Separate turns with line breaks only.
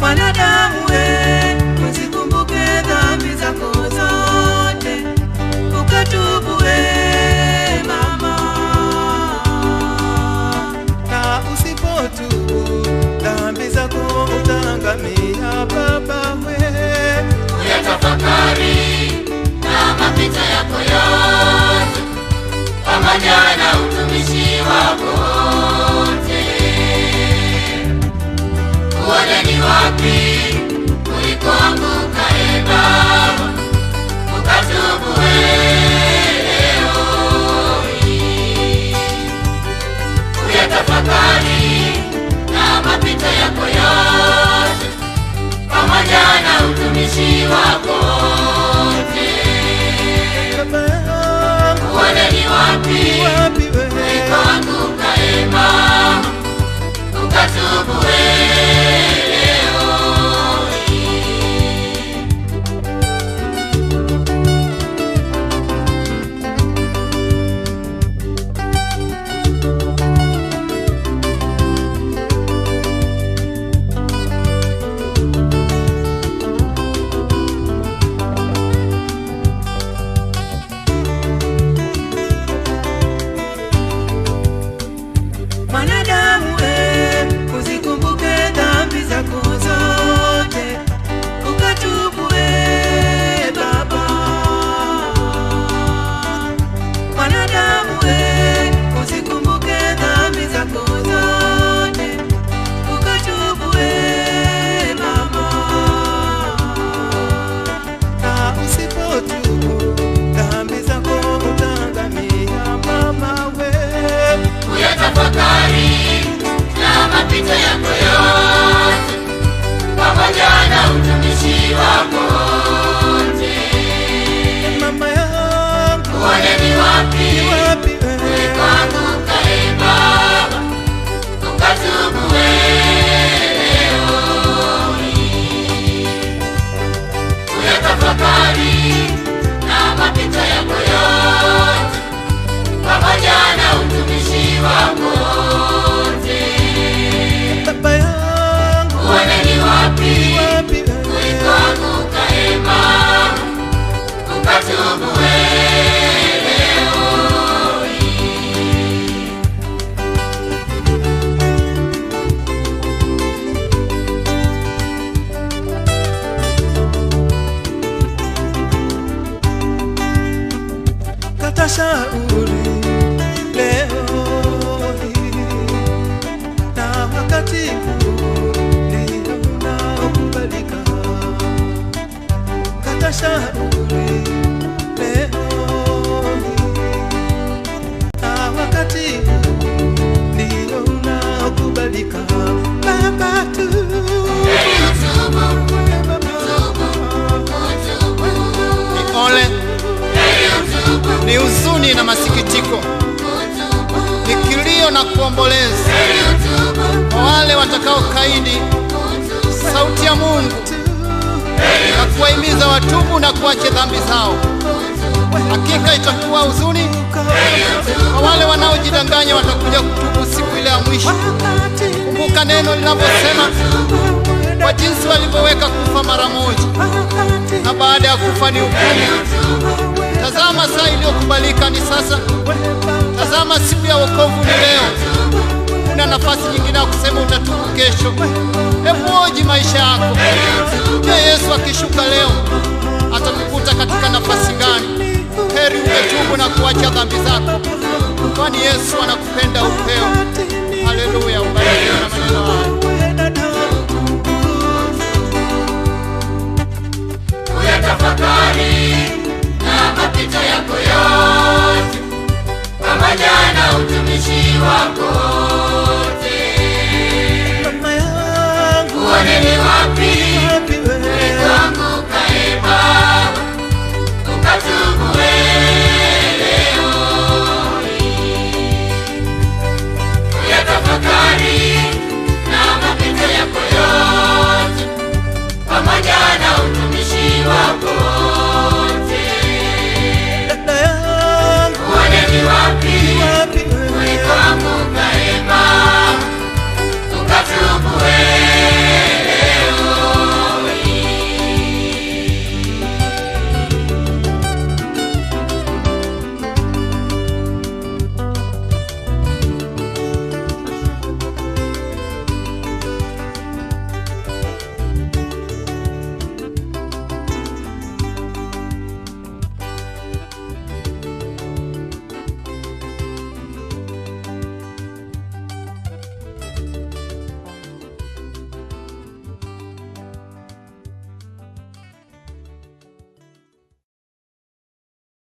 Mwanadamu we, uzikumbuke dhambi zako zote, ukatubu we mama,
na usipotubu dhambi zako utangamia baba we.
Uyatafakari na mapito yako yote pamoja na watumishi wako
shauri leo hii na wakati nilionaokubalika kata shauri
yako ni kilio na kuomboleza kwa wale watakao kaidi sauti ya Mungu na kuwahimiza watubu na kuache dhambi zao. Hakika itakuwa huzuni kwa wale wanaojidanganya, watakuja kutubu siku ile ya mwisho. Kumbuka neno linavyosema, kwa jinsi walivyoweka kufa mara moja, na baada ya kufa ni
hukumu.
Tazama saa iliyokubalika ni sasa. Tazama siku ya wokovu ni leo. Una nafasi nyingine ya kusema utatubu kesho. Hebu oji maisha yako. Je, Yesu akishuka leo atakukuta katika nafasi gani? Heri umetubu na kuacha dhambi zako, kwani Yesu anakupenda upeo. Haleluya!